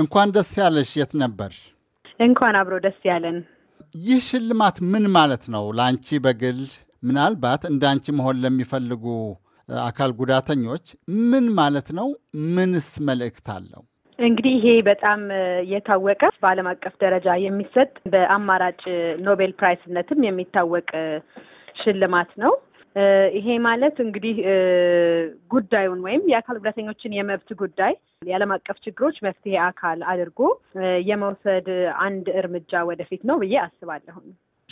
እንኳን ደስ ያለሽ። የት ነበር? እንኳን አብሮ ደስ ያለን። ይህ ሽልማት ምን ማለት ነው ለአንቺ በግል ምናልባት እንዳንቺ መሆን ለሚፈልጉ አካል ጉዳተኞች ምን ማለት ነው? ምንስ መልእክት አለው? እንግዲህ ይሄ በጣም የታወቀ በዓለም አቀፍ ደረጃ የሚሰጥ በአማራጭ ኖቤል ፕራይስነትም የሚታወቅ ሽልማት ነው። ይሄ ማለት እንግዲህ ጉዳዩን ወይም የአካል ጉዳተኞችን የመብት ጉዳይ የዓለም አቀፍ ችግሮች መፍትሄ አካል አድርጎ የመውሰድ አንድ እርምጃ ወደፊት ነው ብዬ አስባለሁ።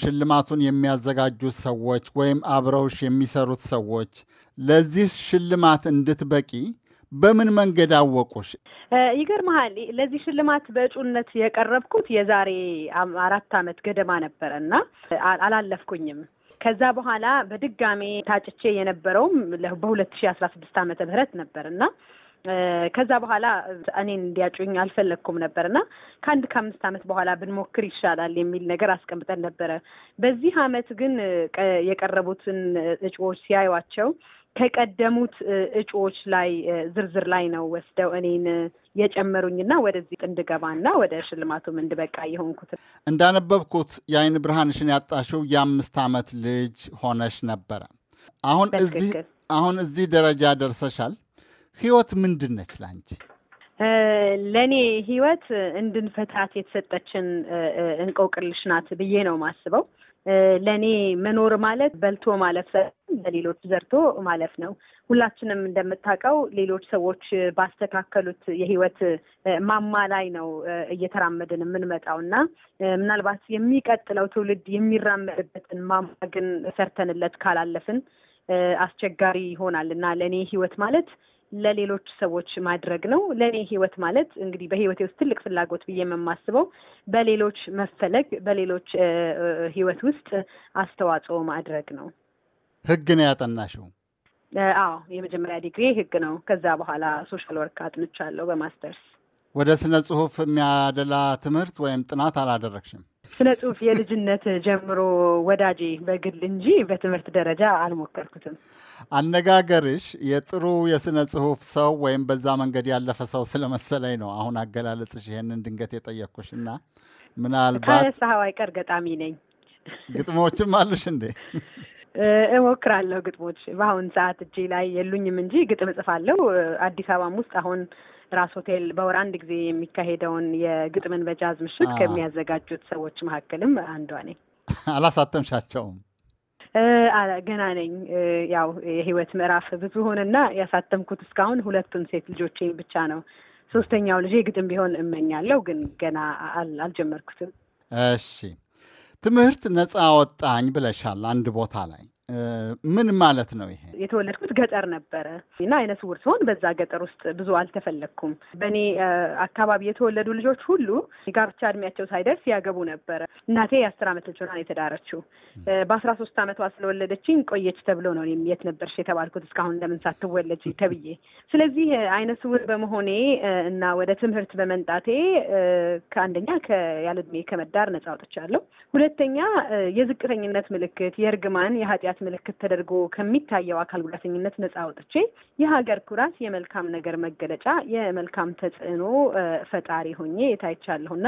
ሽልማቱን የሚያዘጋጁት ሰዎች ወይም አብረውሽ የሚሰሩት ሰዎች ለዚህ ሽልማት እንድትበቂ በምን መንገድ አወቁሽ? ይገርመሃል፣ ለዚህ ሽልማት በእጩነት የቀረብኩት የዛሬ አራት ዓመት ገደማ ነበረ እና አላለፍኩኝም። ከዛ በኋላ በድጋሜ ታጭቼ የነበረውም በሁለት ሺ አስራ ስድስት ዓመተ ምህረት ነበር እና ከዛ በኋላ እኔን እንዲያጩኝ አልፈለግኩም ነበር እና ከአንድ ከአምስት ዓመት በኋላ ብንሞክር ይሻላል የሚል ነገር አስቀምጠን ነበረ። በዚህ ዓመት ግን የቀረቡትን እጩዎች ሲያዩዋቸው ከቀደሙት እጩዎች ላይ ዝርዝር ላይ ነው ወስደው እኔን የጨመሩኝና ወደዚህ እንድገባና ወደ ሽልማቱም እንድበቃ የሆንኩት። እንዳነበብኩት የአይን ብርሃንሽን ያጣሽው የአምስት ዓመት ልጅ ሆነሽ ነበረ። አሁን እዚህ አሁን እዚህ ደረጃ ደርሰሻል። ህይወት ምንድን ነች ላንቺ? ለእኔ ህይወት እንድንፈታት የተሰጠችን እንቆቅልሽ ናት ብዬ ነው ማስበው። ለእኔ መኖር ማለት በልቶ ማለፍ ለሌሎች ዘርቶ ማለፍ ነው። ሁላችንም እንደምታውቀው ሌሎች ሰዎች ባስተካከሉት የህይወት ማማ ላይ ነው እየተራመድን የምንመጣው እና ምናልባት የሚቀጥለው ትውልድ የሚራመድበትን ማማ ግን ሰርተንለት ካላለፍን አስቸጋሪ ይሆናል እና ለእኔ ህይወት ማለት ለሌሎች ሰዎች ማድረግ ነው። ለእኔ ህይወት ማለት እንግዲህ በህይወቴ ውስጥ ትልቅ ፍላጎት ብዬ የምማስበው በሌሎች መፈለግ፣ በሌሎች ህይወት ውስጥ አስተዋጽኦ ማድረግ ነው። ህግ ነው ያጠናሽው? አዎ፣ የመጀመሪያ ዲግሪ ህግ ነው። ከዛ በኋላ ሶሻል ወርክ አጥንቻለሁ በማስተርስ። ወደ ስነ ጽሁፍ የሚያደላ ትምህርት ወይም ጥናት አላደረግሽም? ስነ ጽሁፍ የልጅነት ጀምሮ ወዳጄ በግል እንጂ በትምህርት ደረጃ አልሞከርኩትም። አነጋገርሽ የጥሩ የስነ ጽሁፍ ሰው ወይም በዛ መንገድ ያለፈ ሰው ስለመሰለኝ ነው አሁን አገላለጽሽ። ይህንን ድንገት የጠየቅኩሽ እና ምናልባት ሳሀዋይ ቀር ገጣሚ ነኝ። ግጥሞችም አሉሽ እንዴ? እሞክራለሁ። ግጥሞች በአሁን ሰዓት እጄ ላይ የሉኝም እንጂ ግጥም እጽፋለሁ። አዲስ አበባም ውስጥ አሁን ራስ ሆቴል በወር አንድ ጊዜ የሚካሄደውን የግጥምን በጃዝ ምሽት ከሚያዘጋጁት ሰዎች መካከልም አንዷ ነኝ። አላሳተምሻቸውም? ገና ነኝ። ያው የህይወት ምዕራፍ ብዙ ሆነና ያሳተምኩት እስካሁን ሁለቱን ሴት ልጆቼን ብቻ ነው። ሶስተኛው ልጄ ግጥም ቢሆን እመኛለሁ፣ ግን ገና አልጀመርኩትም። እሺ፣ ትምህርት ነፃ ወጣኝ ብለሻል አንድ ቦታ ላይ ምን ማለት ነው ይሄ? የተወለድኩት ገጠር ነበረ እና አይነ ስውር ሲሆን በዛ ገጠር ውስጥ ብዙ አልተፈለግኩም። በእኔ አካባቢ የተወለዱ ልጆች ሁሉ የጋብቻ እድሜያቸው ሳይደርስ ያገቡ ነበረ። እናቴ የአስር ዓመት ልጅ ሆና ነው የተዳረችው። በአስራ ሶስት ዓመቷ ስለወለደችኝ ቆየች ተብሎ ነው እኔም የት ነበርሽ የተባልኩት እስካሁን ለምን ሳትወለጅ ተብዬ። ስለዚህ አይነ ስውር በመሆኔ እና ወደ ትምህርት በመንጣቴ ከአንደኛ ያለ ዕድሜ ከመዳር ነጻ አውጥቻለሁ። ሁለተኛ የዝቅተኝነት ምልክት፣ የእርግማን የኃጢአት ምልክት ተደርጎ ከሚታየው አካል ጉዳተኝነት ነጻ አውጥቼ የሀገር ኩራት፣ የመልካም ነገር መገለጫ፣ የመልካም ተጽዕኖ ፈጣሪ ሆኜ የታይቻለሁና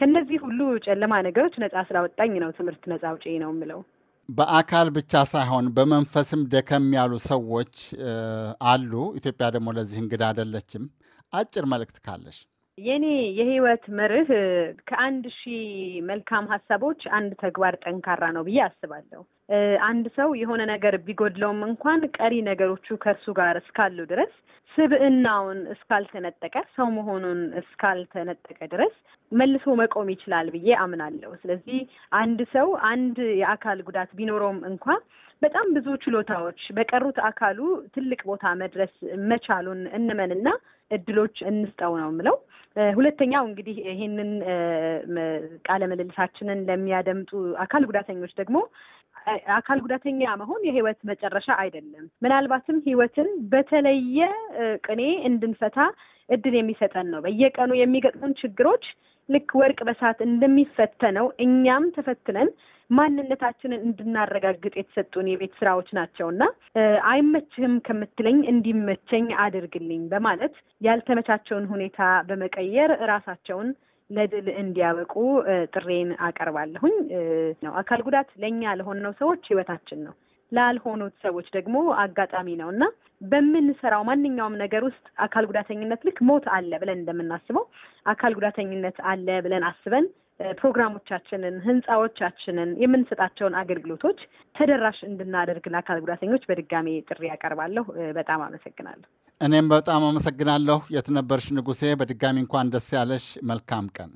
ከነዚህ ሁሉ ጨለማ ነገሮች ነጻ ስላወጣኝ ነው ትምህርት ነጻ አውጪ ነው የምለው። በአካል ብቻ ሳይሆን በመንፈስም ደከም ያሉ ሰዎች አሉ። ኢትዮጵያ ደግሞ ለዚህ እንግዳ አይደለችም። አጭር መልእክት ካለሽ የኔ የህይወት መርህ ከአንድ ሺህ መልካም ሀሳቦች አንድ ተግባር ጠንካራ ነው ብዬ አስባለሁ። አንድ ሰው የሆነ ነገር ቢጎድለውም እንኳን ቀሪ ነገሮቹ ከእርሱ ጋር እስካሉ ድረስ ስብዕናውን እስካልተነጠቀ ሰው መሆኑን እስካልተነጠቀ ድረስ መልሶ መቆም ይችላል ብዬ አምናለሁ። ስለዚህ አንድ ሰው አንድ የአካል ጉዳት ቢኖረውም እንኳን በጣም ብዙ ችሎታዎች በቀሩት አካሉ ትልቅ ቦታ መድረስ መቻሉን እንመንና እድሎች እንስጠው ነው የምለው። ሁለተኛው እንግዲህ ይህንን ቃለ ምልልሳችንን ለሚያደምጡ አካል ጉዳተኞች ደግሞ አካል ጉዳተኛ መሆን የህይወት መጨረሻ አይደለም። ምናልባትም ህይወትን በተለየ ቅኔ እንድንፈታ እድል የሚሰጠን ነው። በየቀኑ የሚገጥሙን ችግሮች ልክ ወርቅ በሳት እንደሚፈተነው እኛም ተፈትነን ማንነታችንን እንድናረጋግጥ የተሰጡን የቤት ስራዎች እና አይመችህም ከምትለኝ እንዲመቸኝ አድርግልኝ በማለት ያልተመቻቸውን ሁኔታ በመቀየር ራሳቸውን ለድል እንዲያበቁ ጥሬን አቀርባለሁኝ። ነው አካል ጉዳት ለእኛ ለሆነው ሰዎች ህይወታችን ነው፣ ላልሆኑት ሰዎች ደግሞ አጋጣሚ ነው እና በምንሰራው ማንኛውም ነገር ውስጥ አካል ጉዳተኝነት ልክ ሞት አለ ብለን እንደምናስበው አካል ጉዳተኝነት አለ ብለን አስበን ፕሮግራሞቻችንን፣ ህንፃዎቻችንን፣ የምንሰጣቸውን አገልግሎቶች ተደራሽ እንድናደርግ ለአካል ጉዳተኞች በድጋሜ ጥሪ ያቀርባለሁ። በጣም አመሰግናለሁ። እኔም በጣም አመሰግናለሁ። የትነበርሽ ንጉሴ፣ በድጋሚ እንኳን ደስ ያለሽ። መልካም ቀን